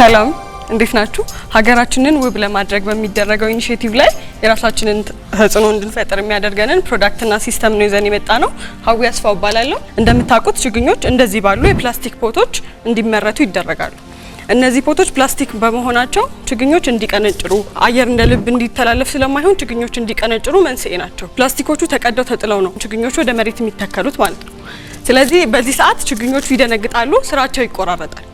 ሰላም እንዴት ናችሁ? ሀገራችንን ውብ ለማድረግ በሚደረገው ኢኒሽቲቭ ላይ የራሳችንን ተጽዕኖ እንድንፈጥር የሚያደርገንን ፕሮዳክትና ሲስተም ነው ይዘን የመጣ ነው። ሀዊ አስፋው እባላለሁ። እንደምታውቁት ችግኞች እንደዚህ ባሉ የፕላስቲክ ፖቶች እንዲመረቱ ይደረጋሉ። እነዚህ ፖቶች ፕላስቲክ በመሆናቸው ችግኞች እንዲቀነጭሩ አየር እንደ ልብ እንዲተላለፍ ስለማይሆን ችግኞች እንዲቀነጭሩ መንስኤ ናቸው። ፕላስቲኮቹ ተቀደው ተጥለው ነው ችግኞቹ ወደ መሬት የሚተከሉት ማለት ነው። ስለዚህ በዚህ ሰዓት ችግኞቹ ይደነግጣሉ፣ ስራቸው ይቆራረጣል።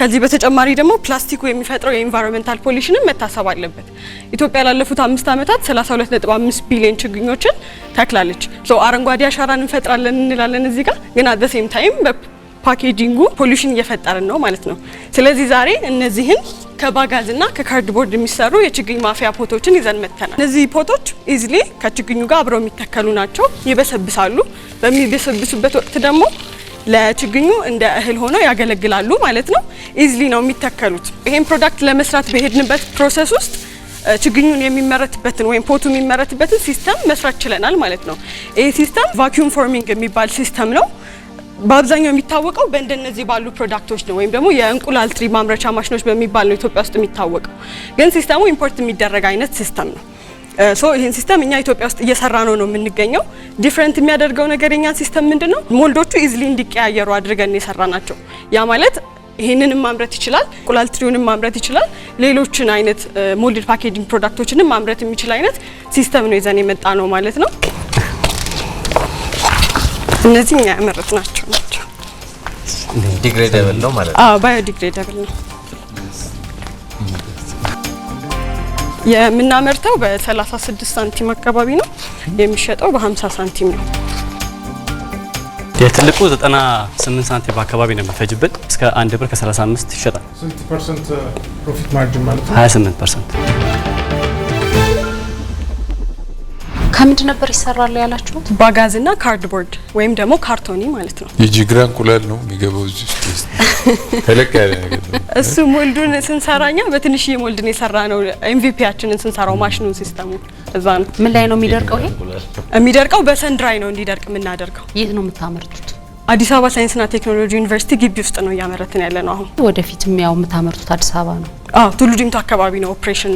ከዚህ በተጨማሪ ደግሞ ፕላስቲኩ የሚፈጥረው የኢንቫይሮንመንታል ፖሊሽንም መታሰብ አለበት። ኢትዮጵያ ላለፉት አምስት ዓመታት 32.5 ቢሊዮን ችግኞችን ተክላለች። አረንጓዴ አሻራን እንፈጥራለን እንላለን እዚህ ጋር ግን አት ሴም ታይም በፓኬጂንጉ ፖሊሽን እየፈጠርን ነው ማለት ነው። ስለዚህ ዛሬ እነዚህን ከባጋዝና ከካርድቦርድ የሚሰሩ የችግኝ ማፍያ ፖቶችን ይዘን መጥተናል። እነዚህ ፖቶች ኢዝሊ ከችግኙ ጋር አብረው የሚተከሉ ናቸው፣ ይበሰብሳሉ። በሚበሰብሱበት ወቅት ደግሞ ለችግኙ እንደ እህል ሆነው ያገለግላሉ ማለት ነው። ኢዝሊ ነው የሚተከሉት። ይሄን ፕሮዳክት ለመስራት በሄድንበት ፕሮሰስ ውስጥ ችግኙን የሚመረትበትን ወይም ፖቱ የሚመረትበትን ሲስተም መስራት ችለናል ማለት ነው። ይህ ሲስተም ቫኪዩም ፎርሚንግ የሚባል ሲስተም ነው። በአብዛኛው የሚታወቀው በእንደነዚህ ባሉ ፕሮዳክቶች ነው ወይም ደግሞ የእንቁላል ትሪ ማምረቻ ማሽኖች በሚባል ነው ኢትዮጵያ ውስጥ የሚታወቀው። ግን ሲስተሙ ኢምፖርት የሚደረግ አይነት ሲስተም ነው። ሶ ይህን ሲስተም እኛ ኢትዮጵያ ውስጥ እየሰራ ነው ነው የምንገኘው። ዲፍረንት የሚያደርገው ነገር የኛን ሲስተም ምንድን ነው? ሞልዶቹ ኢዝሊ እንዲቀያየሩ አድርገን የሰራ ናቸው። ያ ማለት ይህንንም ማምረት ይችላል፣ እንቁላል ትሪውንም ማምረት ይችላል፣ ሌሎችን አይነት ሞልድ ፓኬጂንግ ፕሮዳክቶችንም ማምረት የሚችል አይነት ሲስተም ነው ይዘን የመጣ ነው ማለት ነው። እነዚህ እኛ ያመረት ናቸው ናቸው። ዲግሬደብል ነው ማለት ነው። ባዮዲግሬደብል ነው። የምናመርተው በ36 ሳንቲም አካባቢ ነው። የሚሸጠው በ50 ሳንቲም ነው። የትልቁ 98 ሳንቲም አካባቢ ነው የሚፈጅብን። እስከ 1 ብር ከ35 ይሸጣል። 28 ፐርሰንት ከምንድን ነበር ይሰራሉ ያላችሁት? ባጋዝና ካርድቦርድ ወይም ደግሞ ካርቶኒ ማለት ነው። የጂግራ እንቁላል ነው የሚገባው እዚህ ውስጥ ተለቅ ያለ ነገር ነው። እሱ ሞልዱን ስንሰራኛ በትንሽዬ ሞልድን የሰራ ነው። ኤምቪፒያችንን ስንሰራው ማሽኑን ሲስተሙ እዛ ነው። ምን ላይ ነው የሚደርቀው? ይሄ የሚደርቀው በሰንድራይ ነው እንዲደርቅ የምናደርገው። የት ነው የምታመርቱት? አዲስ አበባ ሳይንስና ቴክኖሎጂ ዩኒቨርሲቲ ግቢ ውስጥ ነው እያመረትን ያለ ነው። አሁን ወደፊትም ያው የምታመርቱት አዲስ አበባ ነው? አዎ ቱሉ ዲምቱ አካባቢ ነው ኦፕሬሽን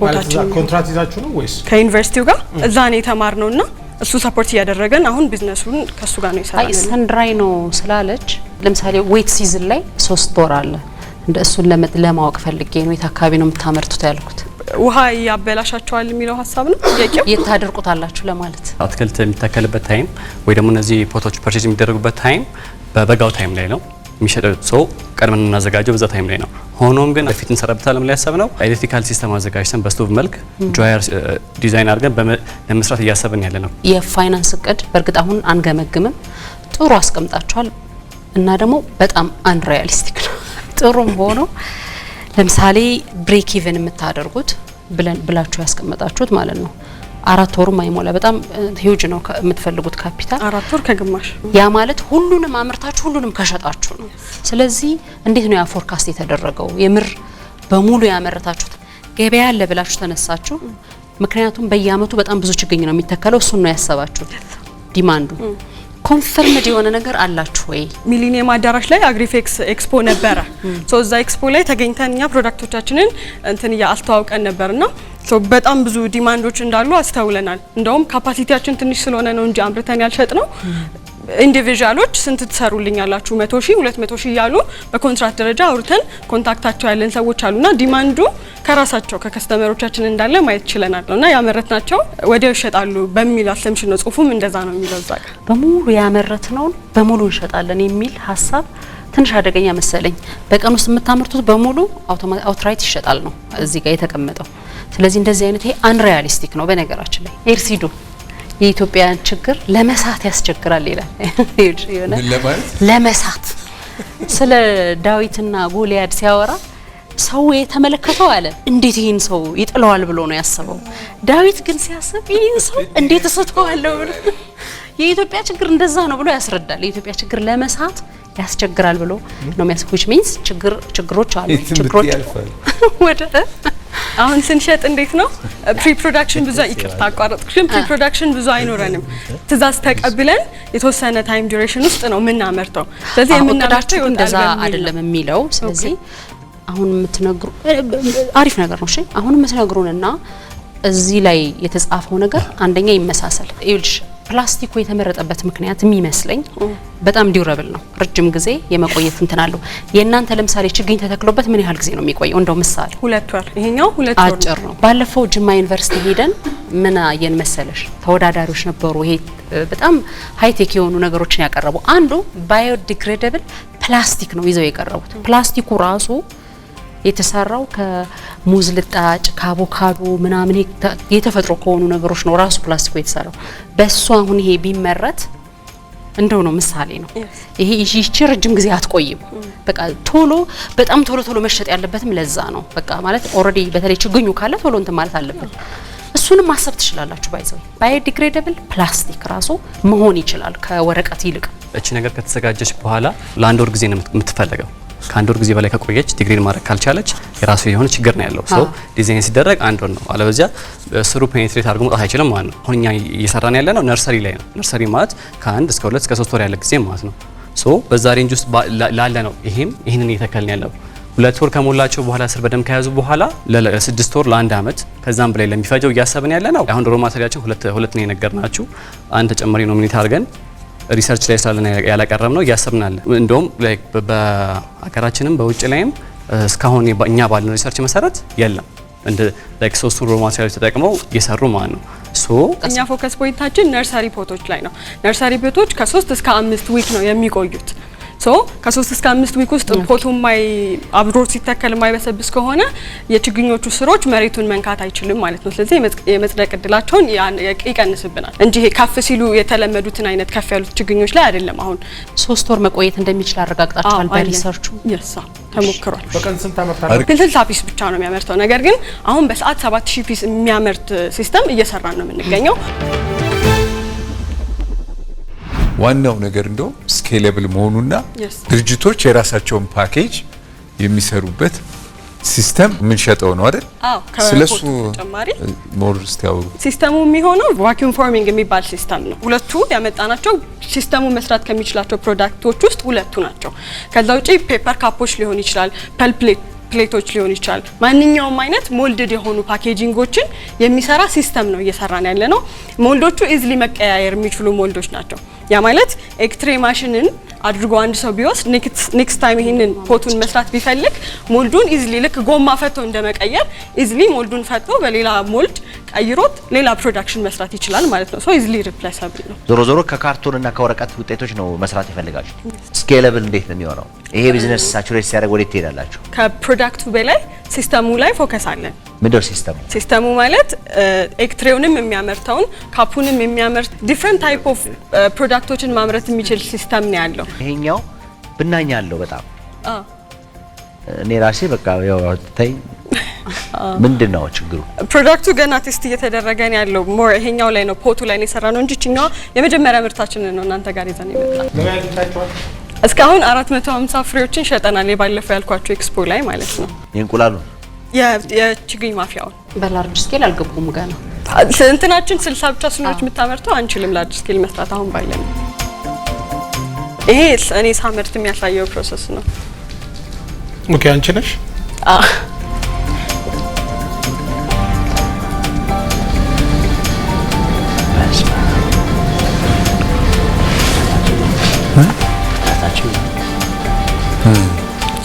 ቦታችን። ኮንትራት ይዛችሁ ነው ወይስ ከዩኒቨርሲቲው ጋር? እዛ ነው የተማርነው እና እሱ ሰፖርት እያደረገን አሁን ቢዝነሱን ከእሱ ጋር ነው ይሰራል። ሰንድራይ ነው ስላለች ለምሳሌ ዌት ሲዝን ላይ ሶስት ወር አለ እንደ እሱን ለማወቅ ፈልጌ ነው። የት አካባቢ ነው የምታመርቱት ያልኩት ውሃ ያበላሻቸዋል የሚለው ሀሳብ ነው ጥያቄው። የት ታደርቁታላችሁ ለማለት አትክልት የሚተከልበት ታይም ወይ ደግሞ እነዚህ ፖቶች ፐርቼዝ የሚደረጉበት ታይም በበጋው ታይም ላይ ነው የሚሸጠው ሰው ቀድመን እናዘጋጀው በዛ ታይም ላይ ነው። ሆኖም ግን በፊት እንሰራበታለን ያሰብ ነው ኤሌክትሪካል ሲስተም አዘጋጅተን በስቶቭ መልክ ድራየር ዲዛይን አድርገን ለመስራት እያሰብን ያለ ነው። የፋይናንስ እቅድ በእርግጥ አሁን አንገመግምም፣ ጥሩ አስቀምጣቸዋል እና ደግሞ በጣም አንሪያሊስቲክ ነው ጥሩም ሆኖ ለምሳሌ ብሬክ ኢቨን የምታደርጉት ብለን ብላችሁ ያስቀመጣችሁት ማለት ነው አራት ወር ማይሞላ በጣም ሂውጅ ነው የምትፈልጉት ካፒታል አራት ወር ከግማሽ ያ ማለት ሁሉንም አምርታችሁ ሁሉንም ከሸጣችሁ ነው ስለዚህ እንዴት ነው ያ ፎርካስት የተደረገው የምር በሙሉ ያመረታችሁት ገበያ አለ ብላችሁ ተነሳችሁ ምክንያቱም በየአመቱ በጣም ብዙ ችግኝ ነው የሚተከለው እሱን ነው ያሰባችሁት ዲማንዱ ኮንፈርምድ የሆነ ነገር አላችሁ ወይ? ሚሊኒየም አዳራሽ ላይ አግሪፌክስ ኤክስፖ ነበረ። ሶ hmm. እዛ ኤክስፖ ላይ ተገኝተን እኛ ፕሮዳክቶቻችንን እንትን አስተዋውቀን ነበርና በጣም ብዙ ዲማንዶች እንዳሉ አስተውለናል። እንደውም ካፓሲቲያችን ትንሽ ስለሆነ ነው እንጂ አምርተን ያልሸጥ ነው hmm. ኢንዲቪዥዋሎች ስንት ትሰሩልኝ መቶ ሺህ ሁለት መቶ ሺ እያሉ በኮንትራክት ደረጃ አውርተን ኮንታክታቸው ያለን ሰዎች አሉና ዲማንዱ ከራሳቸው ከከስተመሮቻችን እንዳለ ማየት ችለናል እና ያመረትናቸው ወዲያው ይሸጣሉ በሚል አሰምሽን ነው። ጽሁፉም እንደዛ ነው የሚለው እዛ ጋር በሙሉ ያመረትነውን በሙሉ እንሸጣለን የሚል ሀሳብ ትንሽ አደገኛ መሰለኝ። በቀን ውስጥ የምታመርቱት በሙሉ አውትራይት ይሸጣል ነው እዚህ ጋር የተቀመጠው። ስለዚህ እንደዚህ አይነት ይሄ አንሪያሊስቲክ ነው በነገራችን ላይ ኤርሲዱ የኢትዮጵያን ችግር ለመሳት ያስቸግራል ይላል። ለመሳት ስለ ዳዊትና ጎልያድ ሲያወራ ሰው የተመለከተው አለ እንዴት ይህን ሰው ይጥለዋል ብሎ ነው ያሰበው። ዳዊት ግን ሲያስብ ይህን ሰው እንዴት እስተዋለሁ ብሎ የኢትዮጵያ ችግር እንደዛ ነው ብሎ ያስረዳል። የኢትዮጵያ ችግር ለመሳት ያስቸግራል ብሎ ነው ሚንስ ችግሮች አሉ ችግሮች ወደ አሁን ስንሸጥ እንዴት ነው ፕሪ ፕሮዳክሽን ብዙ ይቅርታ አቋረጥኩሽም። ፕሪ ፕሮዳክሽን ብዙ አይኖረንም። ትእዛዝ ተቀብለን የተወሰነ ታይም ዱሬሽን ውስጥ ነው የምናመርተው። ስለዚህ የምናመርተው እንደዛ አይደለም የሚለው ስለዚህ አሁን የምትነግሩ አሪፍ ነገር ነው። እሺ አሁን የምትነግሩንና እዚህ ላይ የተጻፈው ነገር አንደኛ ይመሳሰል ይልሽ ፕላስቲኩ የተመረጠበት ምክንያት የሚመስለኝ በጣም ዲውረብል ነው፣ ረጅም ጊዜ የመቆየት እንትን አለው። የእናንተ ለምሳሌ ችግኝ ተተክሎበት ምን ያህል ጊዜ ነው የሚቆየው? እንደው ምሳሌ ሁለት ወር፣ ይሄኛው ሁለት ወር አጭር ነው። ባለፈው ጅማ ዩኒቨርሲቲ ሄደን ምን አየን መሰለሽ? ተወዳዳሪዎች ነበሩ። ይሄ በጣም ሃይቴክ የሆኑ ነገሮችን ያቀረቡ አንዱ ባዮዲግሬደብል ፕላስቲክ ነው ይዘው የቀረቡት ፕላስቲኩ ራሱ የተሰራው ከሙዝ ልጣጭ ከአቮካዶ ምናምን የተፈጥሮ ከሆኑ ነገሮች ነው ራሱ ፕላስቲኩ የተሰራው። በእሱ አሁን ይሄ ቢመረት እንደው ነው ምሳሌ ነው ይሄ። ይቺ ረጅም ጊዜ አትቆይም። mm. በቃ ቶሎ በጣም ቶሎ ቶሎ መሸጥ ያለበትም ለዛ ነው። በቃ ማለት ኦልሬዲ በተለይ ችግኙ ካለ ቶሎ እንትን ማለት አለበት። እሱንም ማሰብ ትችላላችሁ። ባይዘው ባዮዲግሬደብል ፕላስቲክ ራሱ መሆን ይችላል ከወረቀት ይልቅ። እቺ ነገር ከተዘጋጀች በኋላ ለአንድ ወር ጊዜ ነው የምትፈለገው ከአንድ ወር ጊዜ በላይ ከቆየች ዲግሪን ማድረግ ካልቻለች የራሱ የሆነ ችግር ነው ያለው። ሶ ዲዛይን ሲደረግ አንድ ወር ነው፣ አለበዚያ ስሩ ፔኔትሬት አድርጎ መውጣት አይችልም ማለት ነው። አሁን እኛ እየሰራን ያለ ነው ነርሰሪ ላይ ነው። ነርሰሪ ማለት ከአንድ እስከ ሁለት እስከ ሶስት ወር ያለ ጊዜ ማለት ነው። ሶ በዛ ሬንጅ ውስጥ ላለ ነው። ይሄም ይህንን እየተከልን ያለው ሁለት ወር ከሞላቸው በኋላ ስር በደንብ ከያዙ በኋላ ለስድስት ወር ለአንድ አመት ከዛም በላይ ለሚፈጀው እያሰብን ያለ ነው። አሁን ዶሮ ሁለት ሁለት ነው የነገርናችሁ። አንድ ተጨማሪ ኖሚኔት አድርገን ሪሰርች ላይ ስላለን ያላቀረብ ነው እያስብናል። እንደውም በሀገራችንም በውጭ ላይም እስካሁን እኛ ባለን ሪሰርች መሰረት የለም እንደ ሶስቱ ሮ ማቴሪያሎች ተጠቅመው የሰሩ ማለት ነው። ሶ እኛ ፎከስ ፖይንታችን ነርሰሪ ፖቶች ላይ ነው። ነርሰሪ ፖቶች ከሶስት እስከ አምስት ዊክ ነው የሚቆዩት ሶ ከሶስት እስከ አምስት ዊክ ውስጥ ፖቱ ማይ አብሮ ሲተከል የማይበሰብስ ከሆነ የችግኞቹ ስሮች መሬቱን መንካት አይችልም ማለት ነው። ስለዚህ የመጽደቅ እድላቸውን ይቀንስብናል እንጂ ከፍ ሲሉ የተለመዱትን አይነት ከፍ ያሉት ችግኞች ላይ አይደለም። አሁን ሶስት ወር መቆየት እንደሚችል አረጋግጣችኋል በሪሰርቹ? የሳ ተሞክሯል። በቀን ስንት ፒስ ብቻ ነው የሚያመርተው። ነገር ግን አሁን በሰዓት ሰባት ሺህ ፒስ የሚያመርት ሲስተም እየሰራን ነው የምንገኘው። ዋናው ነገር እንደው ስኬለብል መሆኑና ድርጅቶች የራሳቸውን ፓኬጅ የሚሰሩበት ሲስተም የምንሸጠው ነው አይደል? ስለሱ ሞር ስቲያው ሲስተሙ የሚሆነው ቫኪዩም ፎርሚንግ የሚባል ሲስተም ነው። ሁለቱ ያመጣናቸው ሲስተሙ መስራት ከሚችላቸው ፕሮዳክቶች ውስጥ ሁለቱ ናቸው። ከዛ ውጪ ፔፐር ካፖች ሊሆን ይችላል ፐልፕሌት ፕሌቶች ሊሆን ይችላል። ማንኛውም አይነት ሞልድድ የሆኑ ፓኬጂንጎችን የሚሰራ ሲስተም ነው እየሰራን ያለ ነው። ሞልዶቹ ኢዝሊ መቀያየር የሚችሉ ሞልዶች ናቸው። ያ ማለት ኤክስትሬ ማሽንን አድርጎ አንድ ሰው ቢወስድ ኔክስት ታይም ይህንን ፖቱን መስራት ቢፈልግ ሞልዱን ኢዝሊ ልክ ጎማ ፈቶ እንደመቀየር ኢዝሊ ሞልዱን ፈቶ በሌላ ሞልድ ቀይሮት ሌላ ፕሮዳክሽን መስራት ይችላል ማለት ነው። ሶ ኢዝሊ ሪፕሌሰብል ነው። ዞሮ ዞሮ ከካርቶን እና ከወረቀት ውጤቶች ነው መስራት ይፈልጋችሁ። ስኬለብል እንዴት ነው የሚሆነው ይሄ ቢዝነስ? ሳቹሬት um, ሲያደርግ ወዴት ትሄዳላችሁ? ከፕሮዳክቱ በላይ ሲስተሙ ላይ ፎከስ አለን። ምድር ሲስተሙ ሲስተሙ ማለት ኤክትሬውንም uh, የሚያመርተውን ካፑንም የሚያመርት ዲፍረንት ታይፕ ኦፍ ፕሮዳክቶችን ማምረት የሚችል ሲስተም ነው ያለው። ይሄኛው ብናኛ አለው በጣም እኔ ራሴ በቃ ያው ምንድን ነው ችግሩ? ፕሮዳክቱ ገና ቴስት እየተደረገ ነው ያለው። ሞር ይሄኛው ላይ ነው ፖቱ ላይ ነው የሰራ ነው እንጂ እኛዋ የመጀመሪያ ምርታችን ነው እናንተ ጋር ይዘን ይመጣል። እስካሁን 450 ፍሬዎችን ሸጠናል። የባለፈው ያልኳቸው ኤክስፖ ላይ ማለት ነው። የእንቁላሉ የችግኝ ማፊያውን በላርጅ ስኬል አልገቡም ገና እንትናችን ስልሳ ብቻ ስኖች የምታመርተው አንችልም ላርጅ ስኬል መስራት አሁን ባለ ነው። ይሄ እኔ ሳመርት የሚያሳየው ፕሮሰስ ነው። ኦኬ አንቺ ነሽ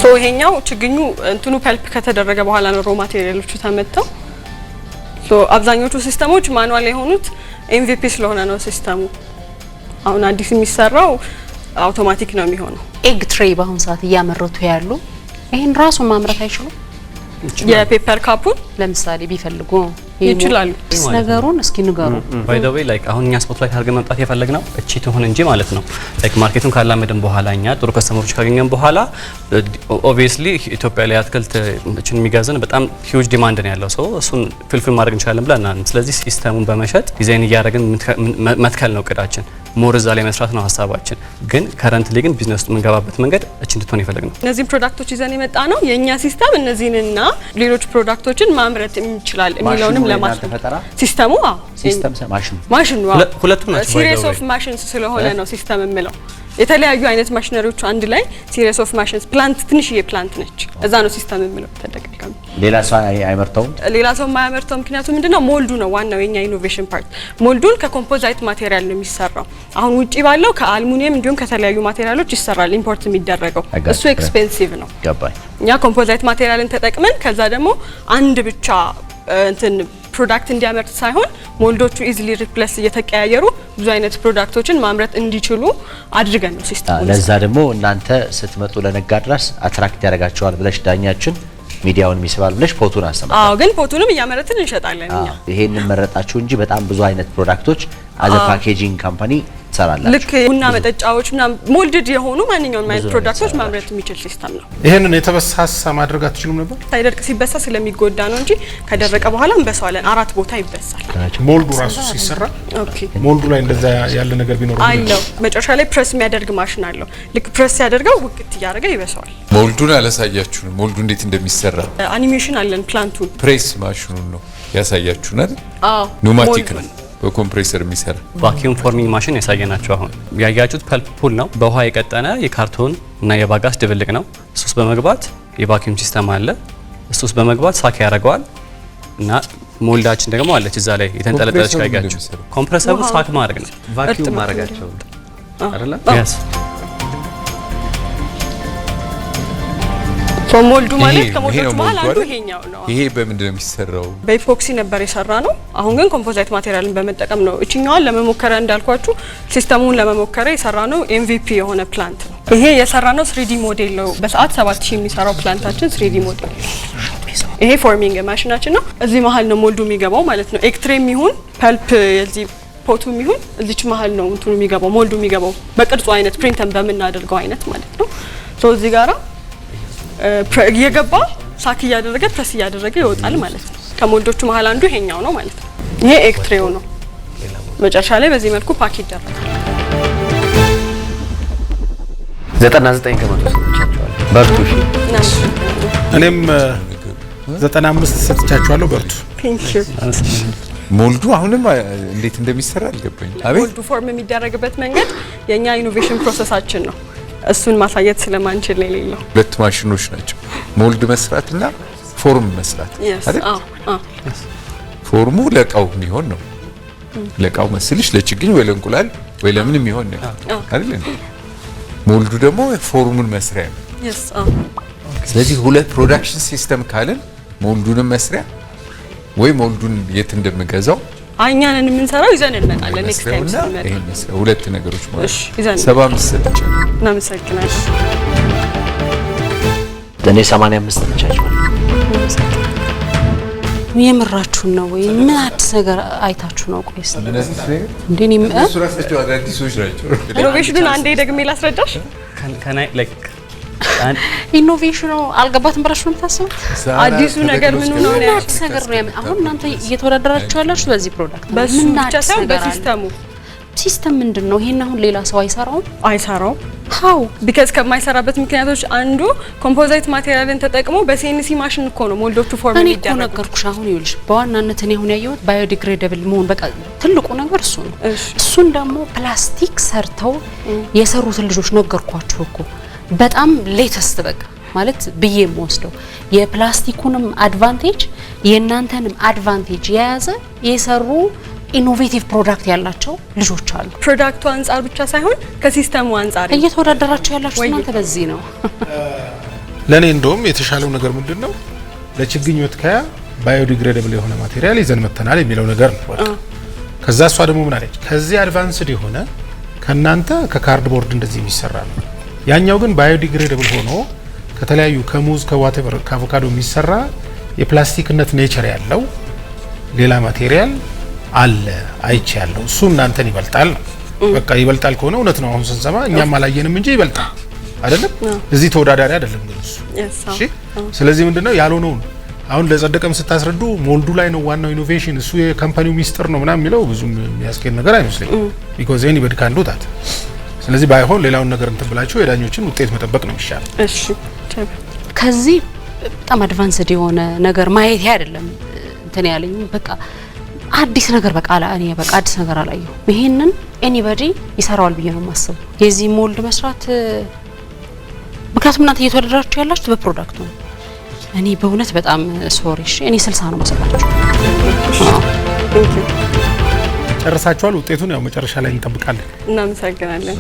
ሶ ይሄኛው ችግኙ እንትኑ ፐልፕ ከተደረገ በኋላ ነው ሮ ማቴሪያሎቹ ተመተው። አብዛኞቹ ሲስተሞች ማኑዋል የሆኑት ኤምቪፒ ስለሆነ ነው ሲስተሙ። አሁን አዲስ የሚሰራው አውቶማቲክ ነው የሚሆነው። ኤግ ትሬ በአሁን ሰዓት እያመረቱ ያሉ ይሄን ራሱን ማምረት አይችሉም። የፔፐር ካፑን ለምሳሌ ቢፈልጉ ይችላሉ። ነገሩን እስኪ ንገሩ። ባይ ዘ ዌይ ላይክ አሁን እኛ ላይ አድርገን መምጣት የፈለግነው እቺ ትሆን እንጂ ማለት ነው። ላይክ ማርኬቱን ካላመድን በኋላ እኛ ጥሩ ከስተመሮች ካገኘን በኋላ ኦብቪየስሊ ኢትዮጵያ ላይ አትክልት እችን የሚጋዘን በጣም ሂውጅ ዲማንድ ነው ያለው ሰው እሱን ፍልፍል ማድረግ እንችላለን ብለናል። ስለዚህ ሲስተሙን በመሸጥ ዲዛይን እያደረግን መትከል ነው እቅዳችን። ሞር እዛ ላይ መስራት ነው ሀሳባችን። ግን ከረንት ላይ ግን ቢዝነስ የምንገባበት መንገድ እች እንድትሆን የፈለግ ነው። እነዚህን ፕሮዳክቶች ይዘን የመጣ ነው የእኛ ሲስተም እነዚህንና ሌሎች ፕሮዳክቶችን ማምረት ይችላል የሚለውንም ለማስፈጠራ ሲስተሙ ማሽን ሁለቱ ናቸው። ሲሪስ ኦፍ ማሽን ስለሆነ ነው ሲስተም የምለው የተለያዩ አይነት ማሽነሪዎቹ አንድ ላይ ሲሪስ ኦፍ ማሽንስ ፕላንት ትንሽዬ ፕላንት ነች። እዛ ነው ሲስተም የምለው ተደጋጋሚ ሌላ ሰው አያመርተውም። ሌላ ሰው የማያመርተው ምክንያቱ ምንድነው? ሞልዱ ነው ዋናው የኛ ኢኖቬሽን ፓርት። ሞልዱን ከኮምፖዛይት ማቴሪያል ነው የሚሰራው። አሁን ውጪ ባለው ከአልሙኒየም እንዲሁም ከተለያዩ ማቴሪያሎች ይሰራል ኢምፖርት የሚደረገው እሱ ኤክስፔንሲቭ ነው። ገባኝ። እኛ ኮምፖዛይት ማቴሪያልን ተጠቅመን ከዛ ደግሞ አንድ ብቻ እንትን ፕሮዳክት እንዲያመርት ሳይሆን ሞልዶቹ ኢዝሊ ሪፕለስ እየተቀያየሩ ብዙ አይነት ፕሮዳክቶችን ማምረት እንዲችሉ አድርገን ነው ሲስተም። ለዛ ደግሞ እናንተ ስትመጡ ለነጋድራስ አትራክት ያደርጋቸዋል ብለሽ ዳኛችን ሚዲያውን የሚስባል ብለሽ ፎቶን አሰማታ። አዎ፣ ግን ፎቶንም እያመረትን እንሸጣለን እኛ። ይሄን መረጣችሁ እንጂ በጣም ብዙ አይነት ፕሮዳክቶች አዘ ፓኬጂንግ ካምፓኒ ትሰራላችሁ። ልክ ቡና መጠጫዎች ምናምን ሞልድድ የሆኑ ማንኛውም አይነት ፕሮዳክቶች ማምረት የሚችል ሲስተም ነው። ይህንን የተበሳሳ ማድረግ አትችሉም ነበር? ሳይደርቅ ሲበሳ ስለሚጎዳ ነው እንጂ ከደረቀ በኋላ እንበሳዋለን። አራት ቦታ ይበሳል። ሞልዱ ራሱ ሲሰራ ሞልዱ ላይ እንደዛ ያለ ነገር ቢኖር አለው። መጨረሻ ላይ ፕሬስ የሚያደርግ ማሽን አለው። ልክ ፕሬስ ሲያደርገው ውቅት እያደረገ ይበሳዋል። ሞልዱን አላሳያችሁንም። ሞልዱ እንዴት እንደሚሰራ አኒሜሽን አለን። ፕላንቱን ፕሬስ ማሽኑን ነው ያሳያችሁናል። ኑማቲክ ነው በኮምፕሬሰር የሚሰራ ቫኪዩም ፎርሚንግ ማሽን ያሳየናቸው። አሁን ያያችሁት ፐልፕ ፑል ነው። በውሃ የቀጠነ የካርቶን እና የባጋስ ድብልቅ ነው። እሱ ውስጥ በመግባት የቫኪዩም ሲስተም አለ። እሱ ውስጥ በመግባት ሳክ ያደርገዋል እና ሞልዳችን ደግሞ አለች እዛ ላይ የተንጠለጠለች። ካያችሁ ኮምፕሬሰሩ ሳክ ማድረግ ነው፣ ቫኪዩም ማድረጋቸው አይደለም ሞልዱ ማለት ከሞልዶቹ መሀል አንዱ ይሄኛው ነው። ይሄ በምንድን ነው የሚሰራው? በኢፖክሲ ነበር የሰራ ነው። አሁን ግን ኮምፖዛይት ማቴሪያልን በመጠቀም ነው። እችኛዋን ለመሞከሪያ እንዳልኳችሁ ሲስተሙን ለመሞከሪያ የሰራ ነው። ኤምቪፒ የሆነ ፕላንት ነው ይሄ የሰራ ነው። ስሪዲ ሞዴል ነው። በሰዓት 7000 የሚሰራው ፕላንታችን ስሪዲ ሞዴል ይሄ ፎርሚንግ ማሽናችን ነው። እዚህ መሀል ነው ሞልዱ የሚገባው ማለት ነው። ኤክትሬም ይሁን ፐልፕ የዚህ ፖቱ የሚሆን እዚች መሀል ነው እንትኑ የሚገባው ሞልዱ የሚገባው በቅርጹ አይነት ፕሪንተን በምናደርገው አይነት ማለት ነው። ሶ እዚህ ጋራ እየገባ ሳክ እያደረገ ፕረስ እያደረገ ይወጣል ማለት ነው። ከሞልዶቹ መሀል አንዱ ይሄኛው ነው ማለት ነው። ይሄ ኤክትሬው ነው። መጨረሻ ላይ በዚህ መልኩ ፓክ ይደረጋል። 99 ከመቶ ሰጥቻቸዋለሁ። በርቱ። እሺ እኔም 95 ሰጥቻቸዋለሁ። በርቱ። ሞልዱ አሁንም እንዴት እንደሚሰራ አልገባኝ። አቤት ሞልዱ ፎርም የሚደረግበት መንገድ የኛ ኢኖቬሽን ፕሮሰሳችን ነው። እሱን ማሳየት ስለማንችል ነው የሌለው። ሁለት ማሽኖች ናቸው ሞልድ መስራትና ፎርም መስራት አይደል? ፎርሙ ለእቃው የሚሆን ነው። ለእቃው መስልሽ ለችግኝ ወይ ለእንቁላል ወይ ለምን የሚሆን ነው አይደል? ሞልዱ ደግሞ ፎርሙን መስሪያ ነው። ስለዚህ ሁለት ፕሮዳክሽን ሲስተም ካለን ሞልዱንም መስሪያ ወይ ሞልዱን የት እንደምገዛው እኛን የምንሰራው ይዘን እንመጣለን። ኔክስት ታይም ስንመጣ ይሄን ሁለት ነገሮች ማለት ይዘን ሰባ አምስት ሰጥቻለሁ። እናመሰግናለን። ለእኔ ሰማንያ አምስት ሰጥቻለሁ። የምራችሁን ነው ወይ? ምን አዲስ ነገር አይታችሁ ነው? ቆይስ እንዴ ነው እሱ አንዴ ደግሜ ላስረዳሽ ላይክ ኢኖቬሽኑ አልገባትም ብላችሁ ነው የምታስቡት? አዲሱ ነገር ምን ነው? አዲስ ነገር ነው። አሁን እናንተ እየተወዳደራችሁ ያላችሁ በዚህ ፕሮዳክት ምን አዲስ ነገር አለ? ሲስተም ምንድን ነው? ይሄን አሁን ሌላ ሰው አይሰራውም አይሰራውም። ሀው ቢካዝ ከማይሰራበት ምክንያቶች አንዱ ኮምፖዛይት ማቴሪያልን ተጠቅሞ በሲኤንሲ ማሽን እኮ ነው ሞልዶቹ ፎርም እኔ እኮ ነገርኩሽ። አሁን ይኸውልሽ በዋናነት እኔ አሁን ያየሁት ባዮዲግሬደብል መሆን በቃ ትልቁ ነገር እሱ ነው። እሱን ደግሞ ፕላስቲክ ሰርተው የሰሩትን ልጆች ነገርኳችሁ እኮ በጣም ሌተስት በቃ ማለት ብዬ የምወስደው የፕላስቲኩንም አድቫንቴጅ የእናንተንም አድቫንቴጅ የያዘ የሰሩ ኢኖቬቲቭ ፕሮዳክት ያላቸው ልጆች አሉ። ፕሮዳክቱ አንጻር ብቻ ሳይሆን ከሲስተሙ አንጻር እየተወዳደራቸው ያላችሁ እናንተ በዚህ ነው። ለእኔ እንደውም የተሻለው ነገር ምንድን ነው ለችግኝ ወትከያ ባዮዲግሬደብል የሆነ ማቴሪያል ይዘን መተናል የሚለው ነገር ነው። ከዛ እሷ ደግሞ ምን አለች? ከዚህ አድቫንስድ የሆነ ከእናንተ ከካርድቦርድ እንደዚህ የሚሰራ ነው ያኛው ግን ባዮዲግሬደብል ሆኖ ከተለያዩ ከሙዝ ከዋቴቨር ከአቮካዶ የሚሰራ የፕላስቲክነት ኔቸር ያለው ሌላ ማቴሪያል አለ አይቼ ያለው እሱ እናንተን ይበልጣል። በቃ ይበልጣል ከሆነ እውነት ነው። አሁን ስንሰማ እኛም አላየንም እንጂ ይበልጣል አይደለም። እዚህ ተወዳዳሪ አይደለም ግን እሱ። እሺ ስለዚህ ምንድነው ያልሆነውን አሁን ለጸደቀም ስታስረዱ ሞልዱ ላይ ነው ዋናው ኢኖቬሽን፣ እሱ የካምፓኒው ሚስጥር ነው ምናምን የሚለው ብዙም የሚያስኬድ ነገር አይመስለኝም። ቢኮዝ ኤኒበዲ ካን ዱ ታት ስለዚህ ባይሆን ሌላውን ነገር እንትን ብላችሁ የዳኞችን ውጤት መጠበቅ ነው ይሻል። እሺ ከዚህ በጣም አድቫንስድ የሆነ ነገር ማየት አይደለም እንትን ያለኝ በቃ አዲስ ነገር በቃ እኔ በቃ አዲስ ነገር አላየሁ። ይሄንን ኤኒባዲ ይሰራዋል ብዬ ነው የማስበው። የዚህ ሞልድ መስራት ምክንያቱም እናንተ እየተወደዳችሁ ያላችሁት በፕሮዳክቱ ነው። እኔ በእውነት በጣም ሶሪ እኔ ስልሳ ነው መሰላችሁ። ጨርሳችኋል። ውጤቱን ያው መጨረሻ ላይ እንጠብቃለን። እናመሰግናለን።